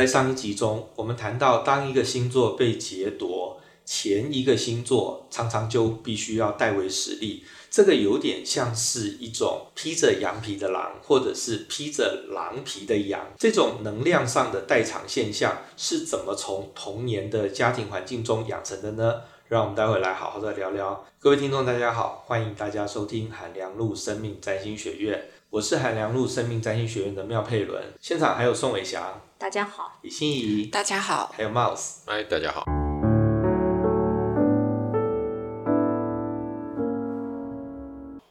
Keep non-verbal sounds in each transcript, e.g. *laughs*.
在上一集中，我們談到，當一個星座被劫奪，前一個星座常常就必須要代為使力。這個有點像是一種披着羊皮的狼，或者是披着狼皮的羊。這種能量上的代償現象是怎麼從童年的家庭環境中養成的呢？讓我們待會來好好的聊聊。各位聽眾，大家好，歡迎大家收聽韓良露生命占星學院，我是韓良露生命占星學院的妙佩倫，現場還有宋偉霞。大家好，李心怡，大家好，還有 Mouse，嗨，Hi，大家好。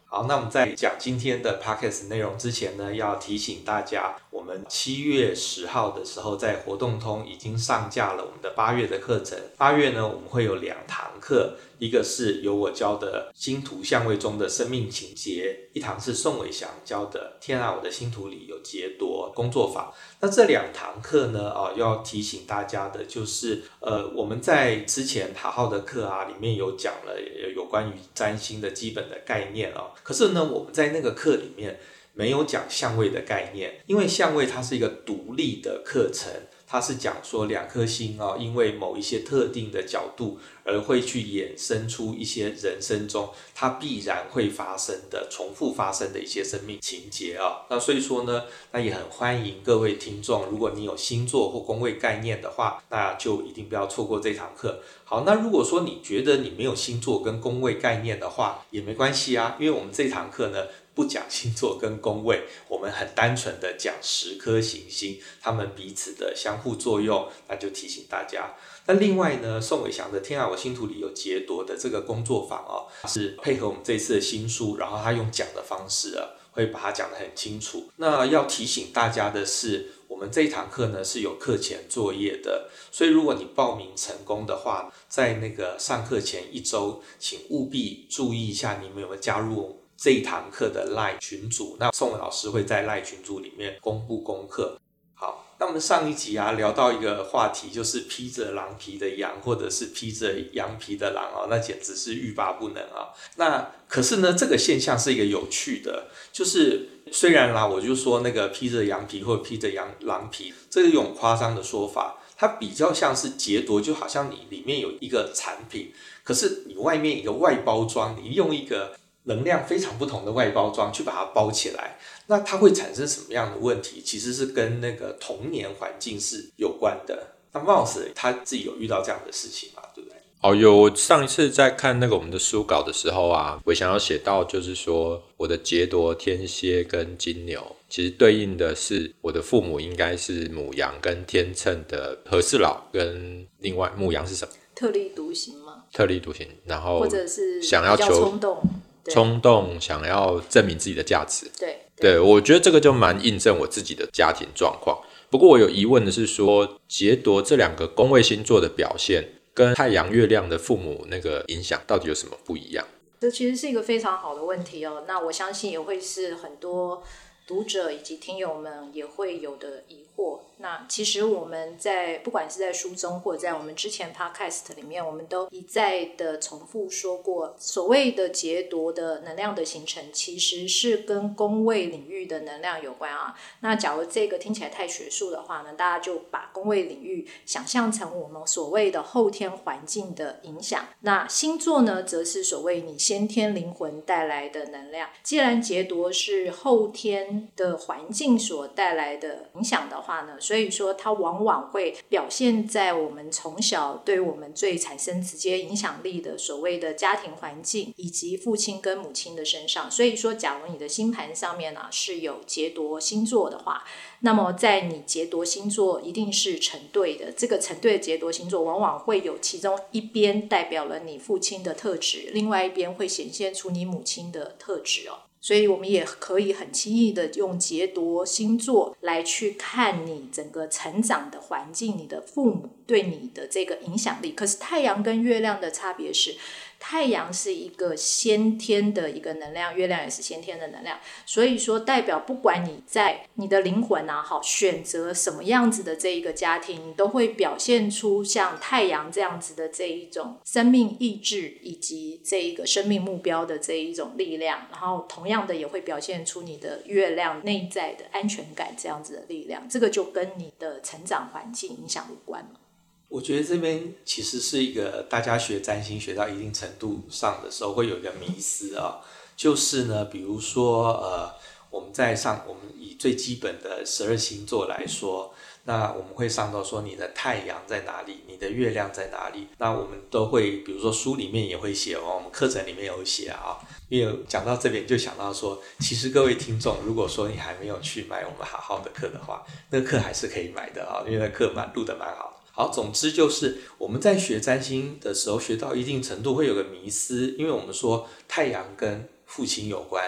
好，那我們在講今天的 Podcast 內容之前呢，要提醒大家，我們七月十號的時候在活動通已經上架了我們的八月的課程。八月呢，我們會有兩堂課。一個是由我教的星圖相位中的生命情節，一堂是宋偉祥教的天啊，我的星圖裡有劫奪工作法。那這兩堂課呢啊、哦、要提醒大家的就是呃，我們在之前塔浩的課啊裡面有講了有關於占星的基本的概念哦，可是呢我們在那個課裡面沒有講相位的概念，因為相位它是一個獨立的課程。他是講說兩顆星哦，因為某一些特定的角度而會去衍生出一些人生中它必然會發生的、重複發生的一些生命情節啊、哦。那所以說呢，那也很歡迎各位聽眾，如果你有星座或宮位概念的話，那就一定不要錯過這堂課。好，那如果說你覺得你沒有星座跟宮位概念的話，也沒關係啊，因為我們這堂課呢，不講星座跟宮位，我們很單純的講十顆行星他們彼此的相互作用，那就提醒大家。那另外呢，宋偉祥的《天啊我星圖》裡有劫奪的，這個工作坊哦，是配合我們這次的新書，然後他用講的方式啊，會把它講得很清楚。那要提醒大家的是，我們這一堂課呢，是有課前作業的，所以如果你報名成功的話，在那個上課前一周，請務必注意一下你們有沒有加入我們這一堂課的賴群組，那宋老師會在賴群組裡面公布功課。好，那我們上一集啊聊到一個話題，就是披着狼皮的羊，或者是披着羊皮的狼啊、哦，那簡直是欲罷不能啊、哦。那可是呢，這個現象是一個有趣的，就是雖然啦，我就說那個披着羊皮或披着羊狼皮，這是一種誇張的說法，它比較像是劫奪，就好像你裡面有一個產品，可是你外面一個外包裝，你用一個。能量非常不同的外包裝去把它包起來，那它會產生什麼樣的問題？其實是跟那個童年環境是有關的。那 Moss 他自己有遇到這樣的事情嗎？對不對？哦，有。我上一次在看那個我們的書稿的時候啊，我想要寫到，就是說我的劫奪天蠍跟金牛，其實對應的是我的父母應該是牡羊跟天秤的和事佬，跟另外牡羊是什麼？特立獨行嗎？特立獨行，然後或者是想要求衝動。衝動想要證明自己的價值，對對，對，我覺得這個就蠻印證我自己的家庭狀況。不過我有疑問的是說，說劫奪這兩個宮位星座的表現，跟太陽月亮的父母那個影響，到底有什麼不一樣？這其實是一個非常好的問題哦。那我相信也會是很多讀者以及聽友們也會有的疑惑。那其實我們在不管是在書中或者在我們之前 podcast 裡面，我們都一再的重複說過，所謂的劫奪的能量的形成，其實是跟宮位領域的能量有關啊。那假如這個聽起來太學術的話呢，大家就把宮位領域想象成我們所謂的後天環境的影響。那星座呢，則是所謂你先天靈魂帶來的能量。既然劫奪是後天的環境所帶來的影響的話呢？所以說，它往往會表現在我們從小對我們最產生直接影響力的所謂的家庭環境，以及父親跟母親的身上。所以說，假如你的星盤上面呢、啊、是有劫奪星座的話，那麼在你劫奪星座一定是成對的。這個成對的劫奪星座，往往會有其中一邊代表了你父親的特質，另外一邊會顯現出你母親的特質哦。所以我們也可以很輕易的用劫奪星座來去看你整個成長的環境，你的父母對你的這個影響力。可是太陽跟月亮的差別是。太陽是一個先天的一個能量，月亮也是先天的能量。所以說，代表不管你在你的靈魂啊，好，選擇什麼樣子的這一個家庭，你都會表現出像太陽這樣子的這一種生命意志，以及這一個生命目標的這一種力量。然後，同樣的也會表現出你的月亮內在的安全感這樣子的力量。這個就跟你的成長環境影響無關了。我覺得這邊其實是一個大家學占星學到一定程度上的時候，會有一個迷思啊、哦，就是呢，比如說呃，我們在上，我們以最基本的十二星座來說，那我們會上到說你的太陽在哪裡，你的月亮在哪裡？那我們都會，比如說書裡面也會寫哦，我們課程裡面有寫啊、哦，因為講到這邊就想到說，其實各位聽眾如果說你還沒有去買我們好好的課的話，那個課還是可以買的啊、哦，因為那課蠻錄得蠻好。好，總之就是我們在學占星的時候，學到一定程度會有個迷思，因為我們說太陽跟父親有關，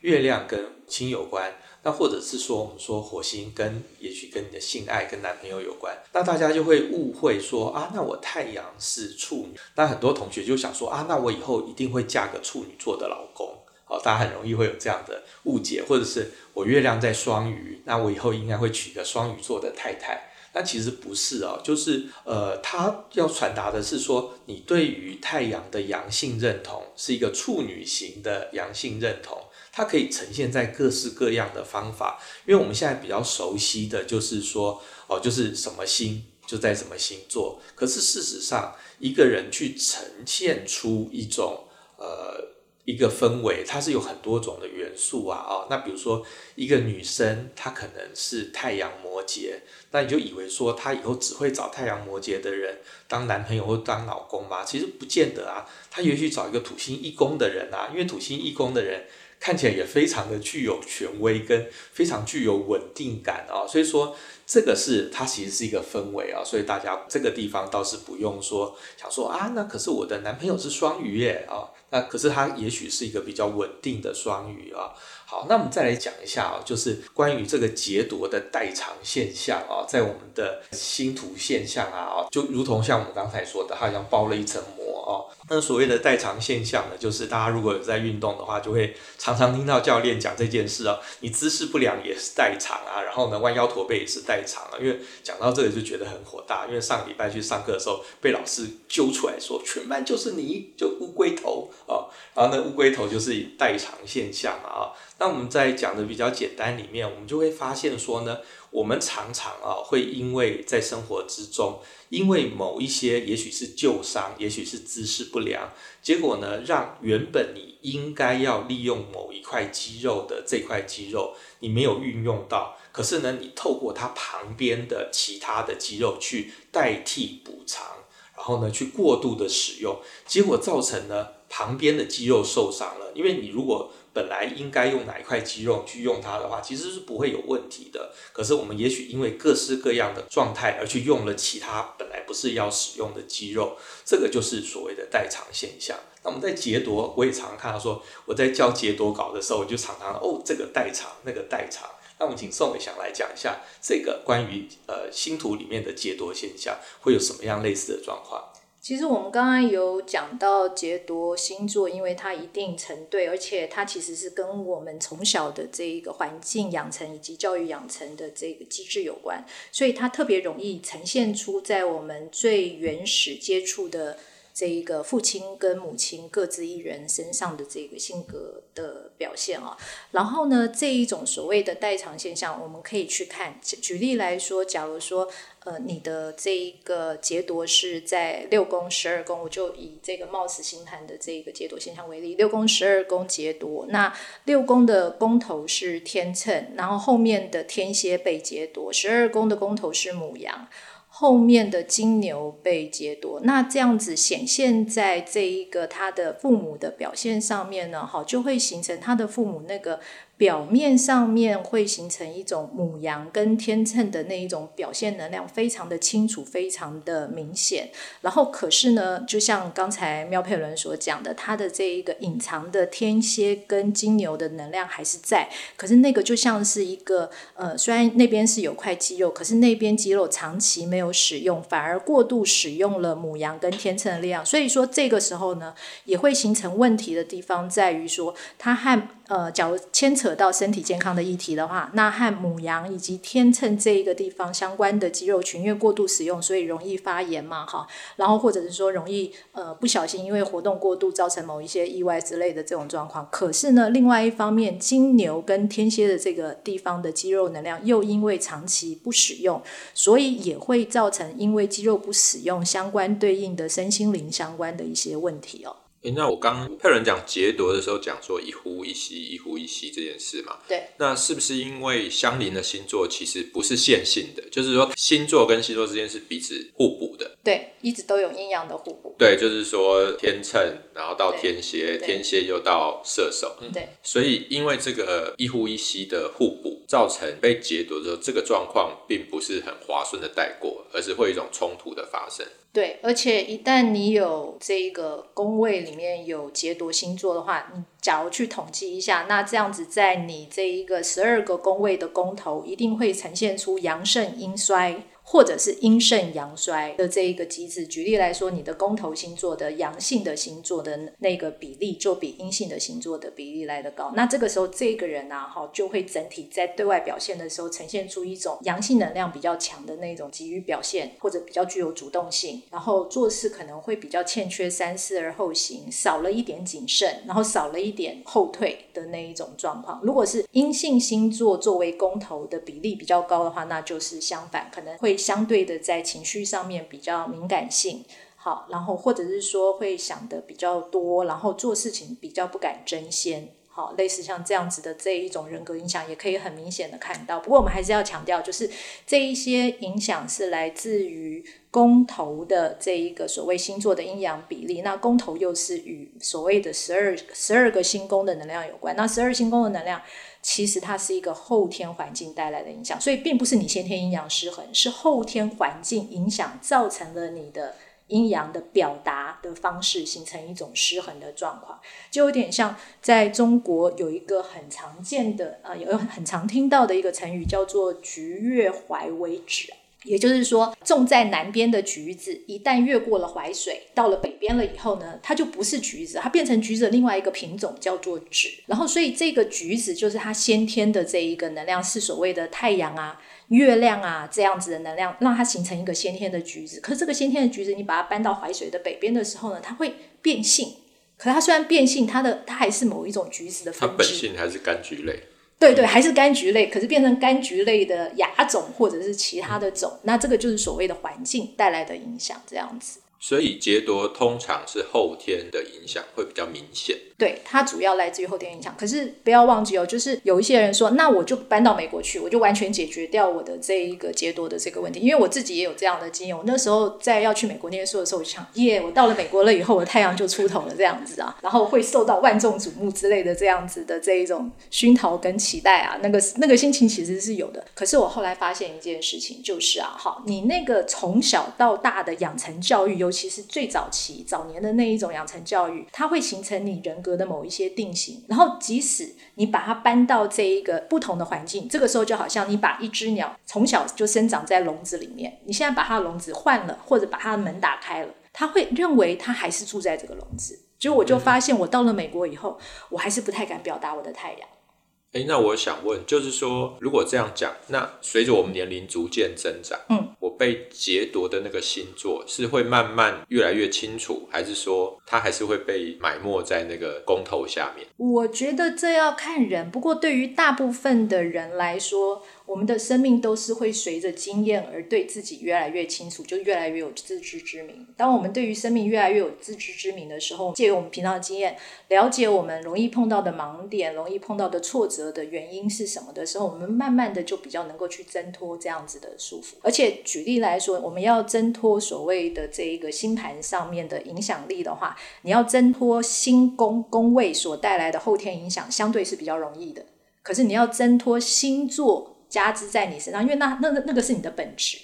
月亮跟母親有關，那或者是說我們說火星跟也許跟你的性愛跟男朋友有關，那大家就會誤會說啊，那我太陽是處女，那很多同學就想說啊，那我以後一定會嫁個處女座的老公，好，大家很容易會有這樣的誤解，或者是我月亮在雙魚，那我以後應該會娶個雙魚座的太太。那其實不是哦，就是呃，他要傳達的是說，你對於太陽的陽性認同是一個處女型的陽性認同，它可以呈現在各式各樣的方法。因為我們現在比較熟悉的就是說，哦、呃，就是什麼星就在什麼星座。可是事實上，一個人去呈現出一種呃一個氛圍，它是有很多種的。數啊哦，那比如說一個女生，她可能是太陽摩羯，那你就以為說她以後只會找太陽摩羯的人當男朋友或當老公嗎？其實不見得啊，她也許找一個土星一宮的人啊，因為土星一宮的人看起來也非常的具有權威跟非常具有穩定感啊，所以說這個是它其實是一個氛圍啊，所以大家這個地方倒是不用說，想說啊，那可是我的男朋友是雙魚耶、欸、啊。哦那可是它也許是一個比較穩定的雙魚啊。好，那我們再來講一下啊，就是關於這個劫奪的代償現象啊，在我們的星圖現象啊，就如同像我們剛才說的，它好像包了一層膜哦。那所謂的代償現象呢，就是大家如果有在運動的話，就會常常聽到教練講這件事哦。你姿勢不良也是代償啊，然後呢，彎腰駝背也是代償啊。因為講到這裡就覺得很火大，因為上禮拜去上課的時候，被老師揪出來說，全班就是你，就烏龜頭啊、哦，然後呢，烏龜頭就是代償現象啊、哦。那我們在講的比較簡單裡面，我們就會發現說呢，我們常常啊，會因為在生活之中，因為某一些也許是舊傷，也許是姿勢不良，結果呢，讓原本你應該要利用某一塊肌肉的這塊肌肉，你沒有運用到，可是呢，你透過它旁邊的其他的肌肉去代替補償，然後呢，去過度的使用，結果造成呢，旁邊的肌肉受傷了，因為你如果……本來應該用哪一塊肌肉去用它的話，其實是不會有問題的。可是我們也許因為各式各樣的狀態而去用了其他本來不是要使用的肌肉，這個就是所謂的代償現象。那我們在劫奪，我也常常看到說，我在教劫奪稿的時候，我就常常哦，這個代償，那個代償。那我們請宋偉翔來講一下，這個關於呃星圖裡面的劫奪現象，會有什麼樣類似的狀況？其實我們剛剛有講到劫奪星座，因為它一定成對，而且它其實是跟我們從小的這一個環境養成以及教育養成的這個機制有關，所以它特別容易呈現出在我們最原始接觸的。這一個父親跟母親各自一人身上的這個性格的表現啊、哦，然後呢，這一種所謂的代償現象，我們可以去看，舉例來說，假如說呃，你的這一個劫奪是在六宮十二宮，我就以這個冒死星盤的這個劫奪現象為例，六宮十二宮劫奪，那六宮的宮頭是天秤，然後後面的天蠍被劫奪，十二宮的宮頭是牡羊。後面的金牛被劫奪，那這樣子顯現在這一個他的父母的表現上面呢？好，就會形成他的父母那個。表面上面會形成一種牡羊跟天秤的那一種表現能量，非常的清楚，非常的明顯。然後可是呢，就像剛才喵佩倫所講的，他的這一個隱藏的天蠍跟金牛的能量還是在。可是那個就像是一個呃，雖然那邊是有塊肌肉，可是那邊肌肉長期沒有使用，反而過度使用了牡羊跟天秤的力量。所以說這個時候呢，也會形成問題的地方，在於說他和。呃，假如牽扯到身體健康的議題的話，那和牡羊以及天秤這一個地方相關的肌肉群，越過度使用，所以容易發炎嘛，哈。然後或者是說容易呃不小心因為活動過度造成某一些意外之類的這種狀況。可是呢，另外一方面，金牛跟天蠍的這個地方的肌肉能量又因為長期不使用，所以也會造成因為肌肉不使用相關對應的身心靈相關的一些問題哦。誒，那我剛剛派人講劫奪的時候，講說一呼一吸，一呼一吸這件事嘛。對，那是不是因為相鄰的星座其實不是線性的？就是說，星座跟星座之間是彼此互補。對，一直都有陰陽的互補。對，就是說天秤，然後到天蠍，天蠍又到射手。嗯，對，所以因為這個一呼一吸的互補，造成被劫奪的時候，這個狀況並不是很滑順的帶過，而是會有一種衝突的發生。對，而且一旦你有這一個宮位裡面有劫奪星座的話，你假如去統計一下，那這樣子在你這一個十二個宮位的宮頭，一定會呈現出陽盛陰衰，或者是陰盛陽衰的這一個機制。舉例來說，你的宮頭星座的陽性的星座的那個比例就比陰性的星座的比例來得高。那這個時候，這個人啊，哈，就會整體在對外表現的時候，呈現出一種陽性能量比較強的那種急於表現，或者比較具有主動性，然後做事可能會比較欠缺三思而後行，少了一點謹慎，然後少了一點後退的那一種狀況。如果是陰性星座作為宮頭的比例比較高的話，那就是相反，可能會。相對的，在情緒上面比較敏感性，好，然後或者是說會想的比較多，然後做事情比較不敢爭先。好，類似像這樣子的這一種人格影響，也可以很明顯的看到。不過我們還是要強調，就是這一些影響是來自於宮頭的這一個所謂星座的陰陽比例。那宮頭又是與所謂的十二十二個星宮的能量有關。那十二星宮的能量，其實它是一個後天環境帶來的影響，所以並不是你先天陰陽失衡，是後天環境影響造成了你的。陰陽的表達的方式形成一種失衡的狀況，就有點像在中國有一個很常見的，呃，有很常聽到的一個成語叫做“橘越淮為枳”，也就是說，種在南邊的橘子，一旦越過了淮水，到了北邊了以後呢，它就不是橘子，它變成橘子的另外一個品種叫做枳。然後，所以這個橘子就是它先天的這一個能量是所謂的太陽啊。月亮啊，這樣子的能量讓它形成一個先天的橘子。可是這個先天的橘子，你把它搬到淮水的北邊的時候呢，它會變性。可它雖然變性，它的它還是某一種橘子的分。它本性還是柑橘類。對，對對，還是柑橘類。嗯、可是變成柑橘類的亞種或者是其他的種，嗯、那這個就是所謂的環境帶來的影響這樣子。所以劫奪通常是後天的影響會比較明顯，對，它主要來自於後天影響。可是不要忘記哦，就是有一些人說，那我就搬到美國去，我就完全解決掉我的這一個劫奪的這個問題。因為我自己也有這樣的經驗。我那時候在要去美國念書的時候，就想耶，yeah, 我到了美國了以後，我的太陽就出頭了，這樣子啊，然後會受到萬眾矚目之類的這樣子的這一種熏陶跟期待啊，那個那個心情其實是有的。可是我後來發現一件事情，就是啊，好，你那個從小到大的養成教育有。尤其是最早期早年的那一種養成教育，它會形成你人格的某一些定型。然後，即使你把它搬到這一個不同的環境，這個時候就好像你把一隻鳥從小就生長在籠子裡面，你現在把它的籠子換了，或者把它的門打開了，它會認為它還是住在這個籠子。所以，我就發現我到了美國以後，我還是不太敢表達我的太陽。哎，那我想問，就是說，如果這樣講，那隨着我們年齡逐漸增長，嗯，我被劫奪的那個星座是會慢慢越來越清楚，還是說它還是會被埋沒在那個宮頭下面？我覺得這要看人，不過對於大部分的人來說。我們的生命都是會隨着經驗而對自己越來越清楚，就越來越有自知之明。當我們對於生命越來越有自知之明的時候，借由我們平常的經驗，了解我們容易碰到的盲點、容易碰到的挫折的原因是什麼的時候，我們慢慢的就比較能夠去掙脫這樣子的束縛。而且舉例來說，我們要掙脫所謂的這一個星盤上面的影響力的話，你要掙脫星宮宮位所帶來的後天影響，相對是比較容易的。可是你要掙脫星座加之在你身上，因為那那那,那個是你的本質，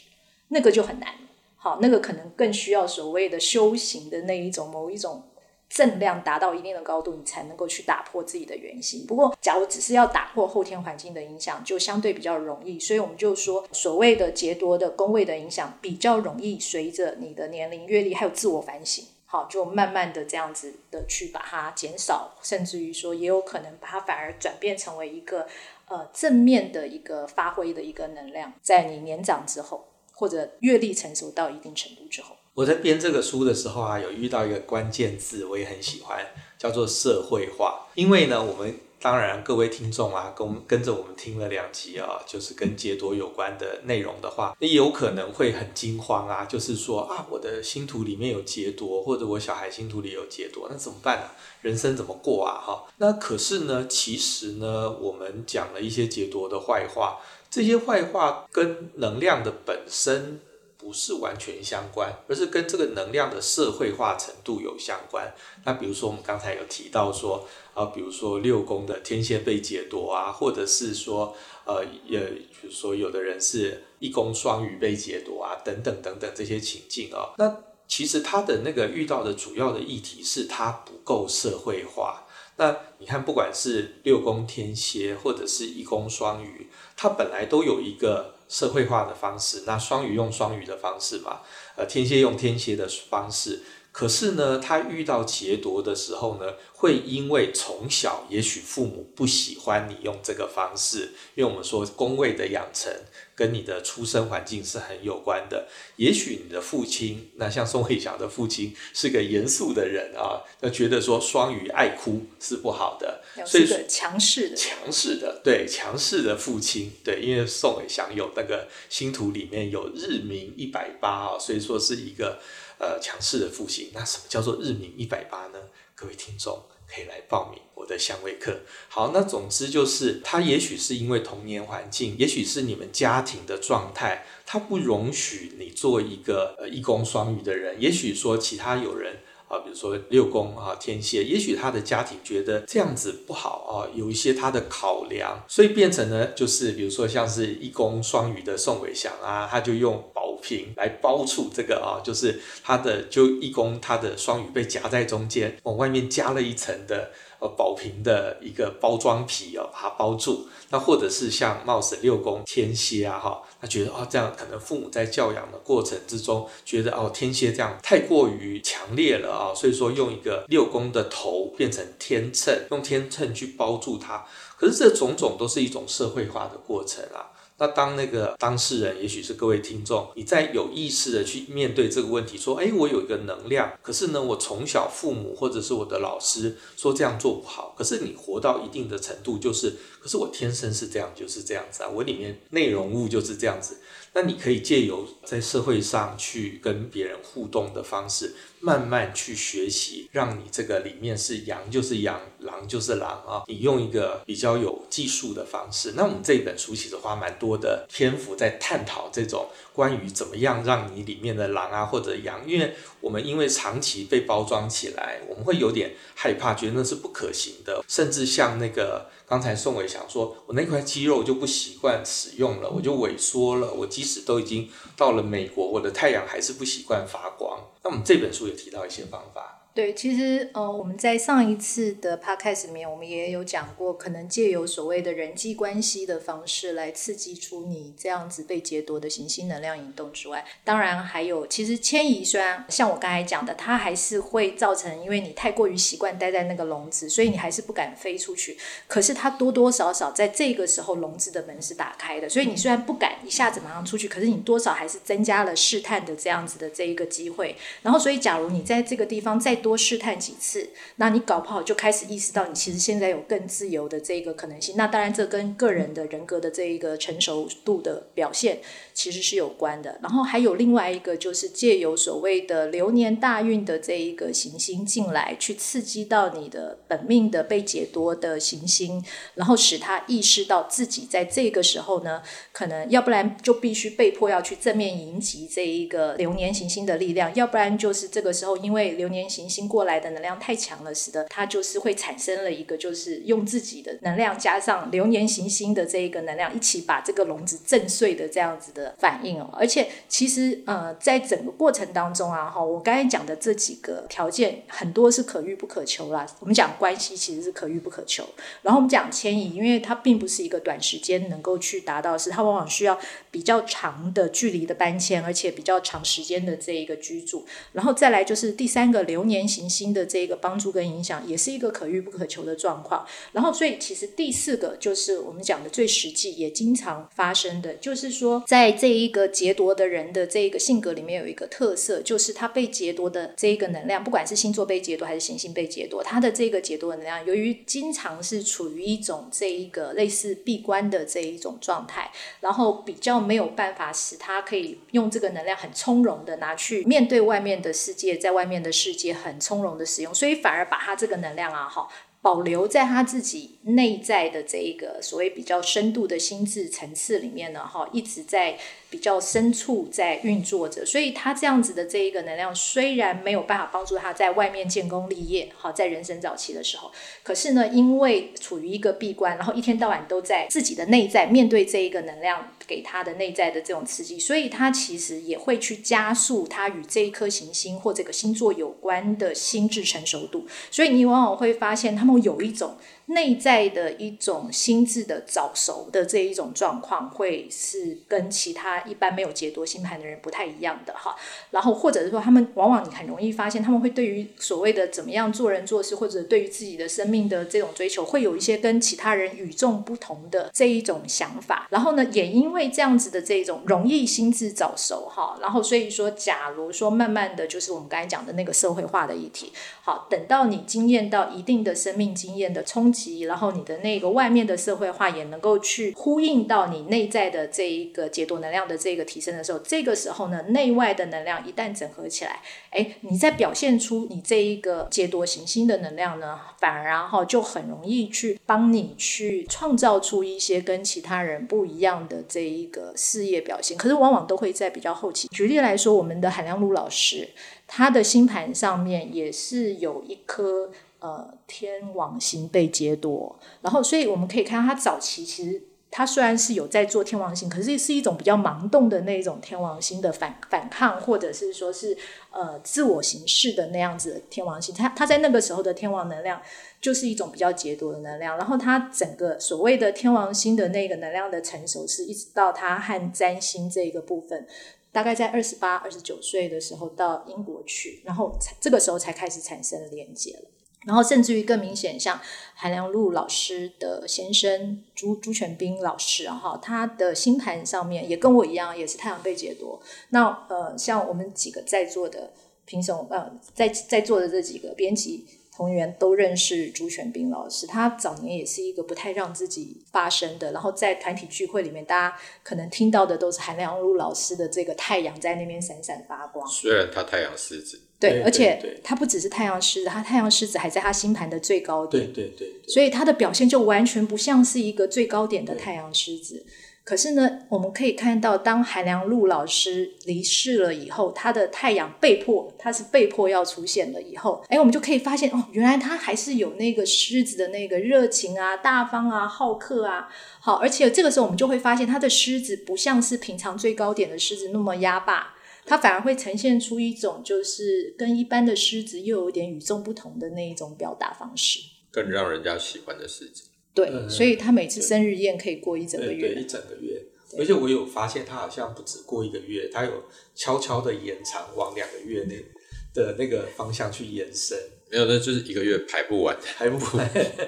那個就很難。好，那個可能更需要所謂的修行的那一種某一種正量達到一定的高度，你才能夠去打破自己的原型。不過，假如只是要打破後天環境的影響，就相對比較容易。所以我們就說，所謂的劫奪的宮位的影響比較容易隨着你的年齡、閱歷還有自我反省。好，就慢慢的這樣子的去把它減少，甚至於說，也有可能把它反而轉變成為一個呃正面的一個發揮的一個能量，在你年長之後，或者閱歷成熟到一定程度之後。我在編這個書的時候啊，有遇到一個關鍵字，我也很喜歡，叫做社會化，因為呢，我們。當然，各位聽眾啊，跟跟着我們聽了兩集啊、哦，就是跟劫奪有關的內容的話，你有可能會很驚慌啊，就是說啊，我的星圖裡面有劫奪，或者我小孩星圖裡有劫奪，那怎麼辦、啊、人生怎麼過啊？哈，那可是呢，其實呢，我們講了一些劫奪的壞話，這些壞話跟能量的本身。不是完全相關，而是跟這個能量的社會化程度有相關。那比如說我們剛才有提到說，啊，比如說六宮的天蠍被劫奪啊，或者是說，呃，也，比如說有的人是一宮雙魚被劫奪啊，等等等等這些情境哦。那其實他的那個遇到的主要的議題是他不夠社會化。那你看，不管是六宮天蠍，或者是一宮雙魚，他本來都有一個。社會化的方式，那雙魚用雙魚的方式嘛，呃，天蠍用天蠍的方式。可是呢，他遇到劫奪的時候呢，會因為從小也許父母不喜歡你用這個方式，因為我們說宮位的養成跟你的出生環境是很有關的。也許你的父親，那像宋慧祥的父親是個嚴肅的人啊，那覺得說雙魚愛哭是不好的，所以強勢的，強勢的，對，強勢的父親，對，因為宋慧祥有那個星圖裡面有日冥一百八啊，所以說是一個。呃，強勢的父親，那什麼叫做日月一百八呢？各位聽眾可以來報名我的相位課。好，那總之就是，他也許是因為童年環境，也許是你們家庭的狀態，他不容許你做一個呃一宮雙魚的人。也許說其他有人。啊，比如說六宮啊，天蠍，也許他的家庭覺得這樣子不好啊，有一些他的考量，所以變成呢，就是比如說像是一宮雙魚的宋偉祥啊，他就用寶瓶來包住這個啊，就是他的就一宮他的雙魚被夾在中間，往外面加了一層的，寶瓶的一個包裝皮哦，把它包住。那或者是像帽子六宮天蠍啊，哈，他覺得啊、哦，這樣可能父母在教養的過程之中，覺得哦，天蠍這樣太過於強烈了啊、哦，所以說用一個六宮的頭變成天秤，用天秤去包住它。可是這種種都是一種社會化的過程啊。那當那個當事人，也許是各位聽眾，你在有意識的去面對這個問題，說，欸，我有一個能量，可是呢，我從小父母或者是我的老師說這樣做不好，可是你活到一定的程度，就是，可是我天生是這樣，就是這樣子啊，我裡面內容物就是這樣子，那你可以借由在社會上去跟別人互動的方式。慢慢去學習，讓你這個裡面是羊就是羊，狼就是狼啊！你用一個比較有技術的方式。那我們這本書其實花蠻多的篇幅在探討這種關於怎麼樣讓你裡面的狼啊或者羊，因為我們因為長期被包裝起來，我們會有點害怕，覺得那是不可行的，甚至像那個。剛才宋偉祥說，我那塊肌肉我就不習慣使用了，我就萎縮了。我即使都已經到了美國，我的太陽還是不習慣發光。那我們這本書也提到一些方法。對，其實呃，我們在上一次的 podcast 裡面，我們也有講過，可能借由所謂的人際關係的方式來刺激出你這樣子被劫奪的行星能量引動之外，當然還有，其實遷移雖然像我剛才講的，它還是會造成，因為你太過於習慣待在那個籠子，所以你還是不敢飛出去。可是它多多少少在這個時候，籠子的門是打開的，所以你雖然不敢一下子馬上出去，嗯、可是你多少還是增加了試探的這樣子的這一個機會。然後，所以假如你在這個地方再多試探幾次，那你搞不好就開始意識到，你其實現在有更自由的這個可能性。那當然，這跟個人的人格的這一個成熟度的表現其實是有關的。然後還有另外一個，就是借由所謂的流年大運的這一個行星進來，去刺激到你的本命的被劫奪的行星，然後使他意識到自己在這個時候呢，可能要不然就必須被迫要去正面迎擊這一個流年行星的力量，要不然就是這個時候因為流年行星經過來的能量太強了，使得它就是會產生了一個，就是用自己的能量加上流年行星的這一個能量，一起把這個籠子震碎的這樣子的反應哦。而且其實呃，在整個過程當中啊，哈、哦，我剛才講的這幾個條件很多是可遇不可求啦。我們講關係其實是可遇不可求，然後我們講遷移，因為它並不是一個短時間能夠去達到，是它往往需要比較長的距離的搬遷，而且比較長時間的這一個居住。然後再來就是第三個流年。行星的這個幫助跟影響，也是一個可遇不可求的狀況。然後，所以其實第四個就是我們講的最實際，也經常發生的，就是說，在這一個劫奪的人的這一個性格裡面，有一個特色，就是他被劫奪的這一個能量，不管是星座被劫奪還是行星被劫奪，他的這個劫奪的能量，由於經常是處於一種這一個類似閉關的這一種狀態，然後比較沒有辦法使他可以用這個能量很從容的拿去面對外面的世界，在外面的世界很。很從容的使用，所以反而把他這個能量啊，哈，保留在他自己內在的這一個所謂比較深度的心智層次裡面呢，哈，一直在。比較深處在運作着，所以他這樣子的這一個能量雖然沒有辦法幫助他在外面建功立業，好，在人生早期的時候，可是呢，因為處於一個閉關，然後一天到晚都在自己的內在面對這一個能量給他的內在的這種刺激，所以他其實也會去加速他與這一顆行星或這個星座有關的心智成熟度，所以你往往會發現他們有一種。內在的一種心智的早熟的這一種狀況，會是跟其他一般沒有劫奪星盤的人不太一樣的哈。然後，或者是說，他們往往你很容易發現，他們會對於所謂的怎麼樣做人做事，或者對於自己的生命的這種追求，會有一些跟其他人與眾不同的這一種想法。然後呢，也因為這樣子的這種容易心智早熟哈，然後所以說，假如說慢慢的就是我們剛才講的那個社會化的議題，好，等到你經驗到一定的生命經驗的衝突。然後你的那個外面的社會化也能夠去呼應到你內在的這一個劫奪能量的這個提升的時候，這個時候呢，內外的能量一旦整合起來，哎，你在表現出你這一個劫奪行星的能量呢，反而然後就很容易去幫你去創造出一些跟其他人不一樣的這一個事業表現。可是往往都會在比較後期。舉例來說，我們的韓良露老師，他的星盤上面也是有一顆。呃，天王星被劫奪，然後所以我們可以看到，他早期其實他雖然是有在做天王星，可是是一種比較盲動的那一種天王星的反反抗，或者是說是呃自我形式的那樣子的天王星。他他在那個時候的天王能量，就是一種比較劫奪的能量。然後他整個所謂的天王星的那個能量的成熟，是一直到他和占星這一個部分，大概在二十八、二十九歲的時候到英國去，然後才這個時候才開始產生連接了。然後甚至於更明顯，像韓良露老師的先生朱朱全斌老師哈、啊，他的星盤上面也跟我一樣，也是太陽被劫奪。那呃，像我們幾個在座的評審呃，在在座的這幾個編輯同源都認識朱全斌老師，他早年也是一個不太讓自己發聲的，然後在團體聚會裡面，大家可能聽到的都是韓良露老師的這個太陽在那邊閃閃發光。雖然他太陽是獅子。對，而且它不只是太陽獅子，它太陽獅子還在它星盤的最高點。對對對，對，所以它的表現就完全不像是一個最高點的太陽獅子。對對對對，可是呢，我們可以看到，當韓良露老師離世了以後，他的太陽被迫，他是被迫要出現了以後，哎、欸，我們就可以發現哦，原來他還是有那個獅子的那個熱情啊、大方啊、好客啊。好，而且這個時候我們就會發現，他的獅子不像是平常最高點的獅子那麼壓霸。他反而會呈現出一種，就是跟一般的獅子又有點與眾不同的那一種表達方式，更讓人家喜歡的獅子。對，嗯、所以他每次生日宴可以過一整個月對，對，一整個月。對而且我有發現，他好像不止過一個月，他有悄悄的延長往兩個月內的那個方向去延伸。嗯、 *laughs* 沒有，那就是一個月排不完，還不補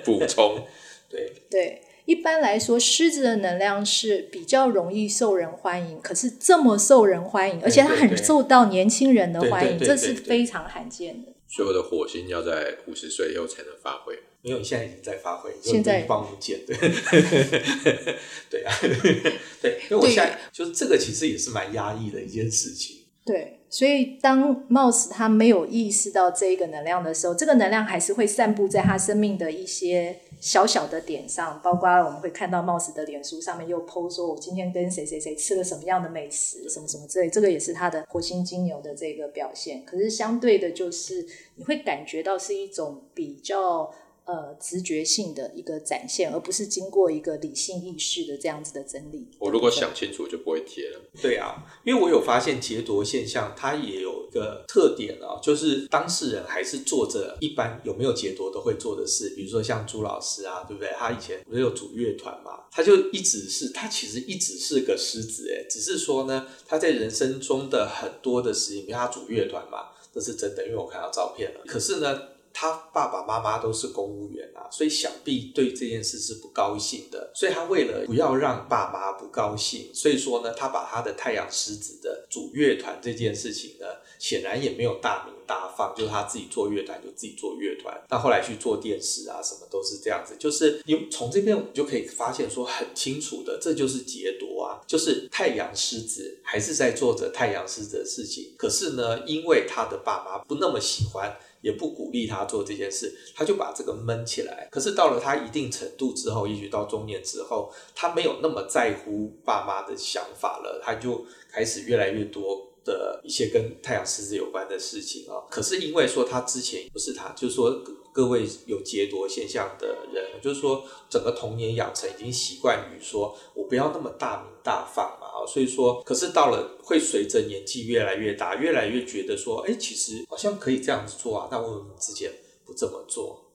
補充。對對。一般來說，獅子的能量是比較容易受人歡迎。可是這麼受人歡迎，對對對，而且他很受到年輕人的歡迎，這是非常罕見的。對對對對，所有的火星要在五十歲以後才能發揮，沒有對，你現在已經在發揮，不見現在幫五減，對， *laughs* 對啊， *laughs* 對，因為我現在對就是這個，其實也是蠻壓抑的一件事情，對。所以，當 Mouse 他沒有意識到這一個能量的時候，這個能量還是會散布在他生命的一些小小的點上，包括我們會看到 Mouse 的臉書上面又 po 說，我今天跟誰誰誰吃了什麼樣的美食，什麼什麼之類，這個也是他的火星金牛的這個表現。可是相對的，就是你會感覺到是一種比較。呃，直覺性的一個展現，而不是經過一個理性意識的這樣子的整理。對對，我如果想清楚，就不會貼了。 *laughs* 對啊，因為我有發現劫奪現象，它也有一個特點啊、哦，就是當事人還是做着一般有沒有劫奪都會做的事，比如說像朱老師啊，對不對？他以前不是有組樂團嘛，他就一直是，他其實一直是個獅子，誒，只是說呢，他在人生中的很多的事情，比如他組樂團嘛，這是真的，因為我看到照片了。可是呢。他爸爸媽媽都是公務員啊，所以想必對這件事是不高興的，所以他為了不要讓爸媽不高興，所以說呢，他把他的太陽獅子的組樂團這件事情呢，顯然也沒有大鳴大放，就是他自己做樂團就自己做樂團。那後來去做電視啊，什麼都是這樣子，就是你從這邊我們就可以發現說很清楚的，這就是劫奪啊，就是太陽獅子還是在做着太陽獅子的事情，可是呢，因為他的爸媽不那麼喜歡。也不鼓勵他做這件事，他就把這個悶起來。可是到了他一定程度之後，也許到中年之後，他沒有那麼在乎爸媽的想法了，他就開始越來越多的一些跟太陽獅子有關的事情啊、哦。可是因為說他之前不是他，就是說。各位有劫奪現象的人，就是說整個童年，養成已經習慣於說，我不要那麼大鳴大放嘛啊，所以說，可是到了會隨着年紀越來越大，越來越覺得說，哎、欸，其實好像可以這樣子做啊，但我們，我們之前不這麼做。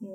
嗯，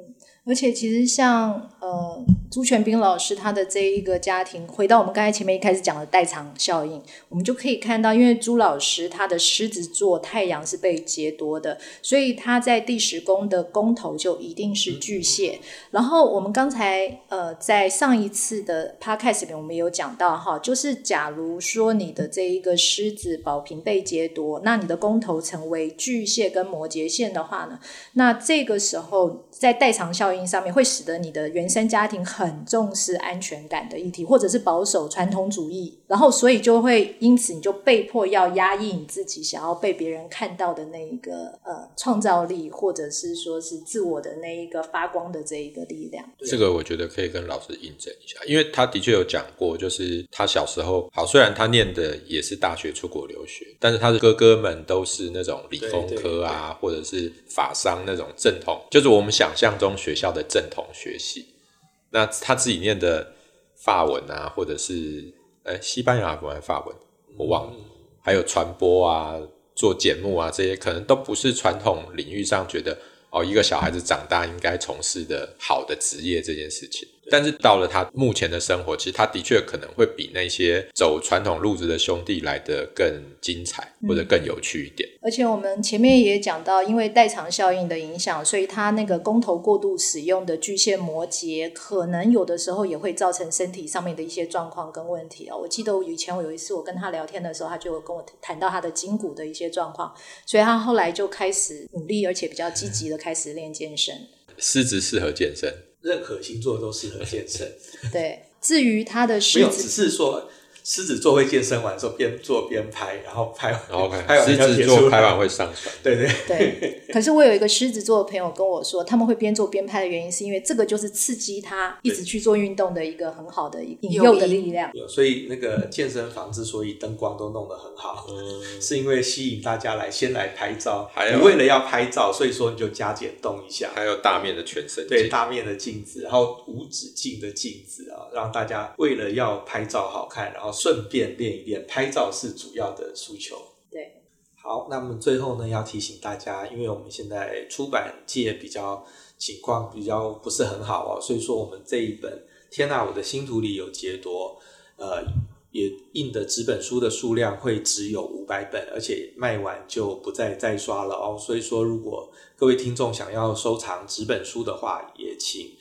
而且其實像呃朱全斌老師他的這一個家庭，回到我們剛才前面一開始講的代償效應，我們就可以看到，因為朱老師他的獅子座太陽是被劫奪的，所以他在第十宮的宮頭就一定是巨蟹。然後我們剛才呃在上一次的 podcast 裡面我們有講到哈，就是假如說你的這一個獅子寶瓶被劫奪，那你的宮頭成為巨蟹跟摩羯線的話呢，那這個時候在在代償效應上面會使得你的原生家庭很重視安全感的議題，或者是保守傳統主義，然後所以就會因此你就被迫要壓抑你自己想要被別人看到的那一個呃創造力，或者是說是自我的那一個發光的這一個力量。這個我覺得可以跟老師印證一下，因為他的確有講過，就是他小時候好，雖然他念的也是大學出國留學，但是他的哥哥們都是那種理工科啊，對對對對，或者是法商那種正統，就是我們想像。像中學校的正統學習，那他自己念的法文啊，或者是哎、欸、西班牙文還是法文，我忘了，嗯，還有傳播啊，做節目啊，這些可能都不是傳統領域上覺得哦，一個小孩子長大應該從事的好的職業這件事情。但是到了他目前的生活，其實他的確可能會比那些走傳統路子的兄弟來得更精彩，嗯、或者更有趣一點。而且我們前面也講到，因為代償效應的影響，所以他那個宮頭過度使用的巨蟹摩羯，可能有的時候也會造成身體上面的一些狀況跟問題哦，我記得以前我有一次我跟他聊天的時候，他就跟我談到他的筋骨的一些狀況，所以他後來就開始努力，而且比較積極的開始練健身。獅子適合健身。任何星座都適合健身。對，至於他的獅 *laughs* 沒有，只是說。獅子座會健身完之後邊做邊拍，然後拍完，然後獅子座拍完會上傳。對對對，對。可是我有一個獅子座的朋友跟我說，他們會邊做邊拍的原因，是因為這個就是刺激他一直去做運動的一個很好的一個引誘的力量。所以那個健身房之所以燈光都弄得很好，嗯，是因為吸引大家來先來拍照。還有，你為了要拍照，所以說你就加減動一下。還有大面的全身鏡，對，大面的鏡子，然後無止境的鏡子啊，讓大家為了要拍照好看，然後。順便練一練，拍照是主要的訴求。對，好，那麼最後呢，要提醒大家，因為我們現在出版界比較情況比較不是很好哦，所以說我們這一本《天啊，我的星圖》裡有劫奪，呃，也印的紙本書的數量會只有五百本，而且賣完就不再再刷了哦。所以說，如果各位聽眾想要收藏紙本書的話，也請。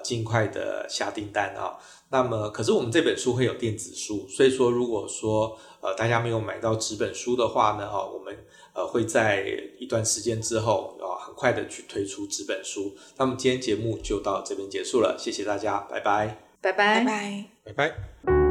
儘快的下訂單啊、哦。那麼，可是我們這本書會有電子書，所以說，如果說呃大家沒有買到紙本書的話呢，哦，我們呃會在一段時間之後，哦、呃，很快的去推出紙本書。那麼今天節目就到這邊結束了，謝謝大家，拜拜，拜拜，拜拜，拜拜。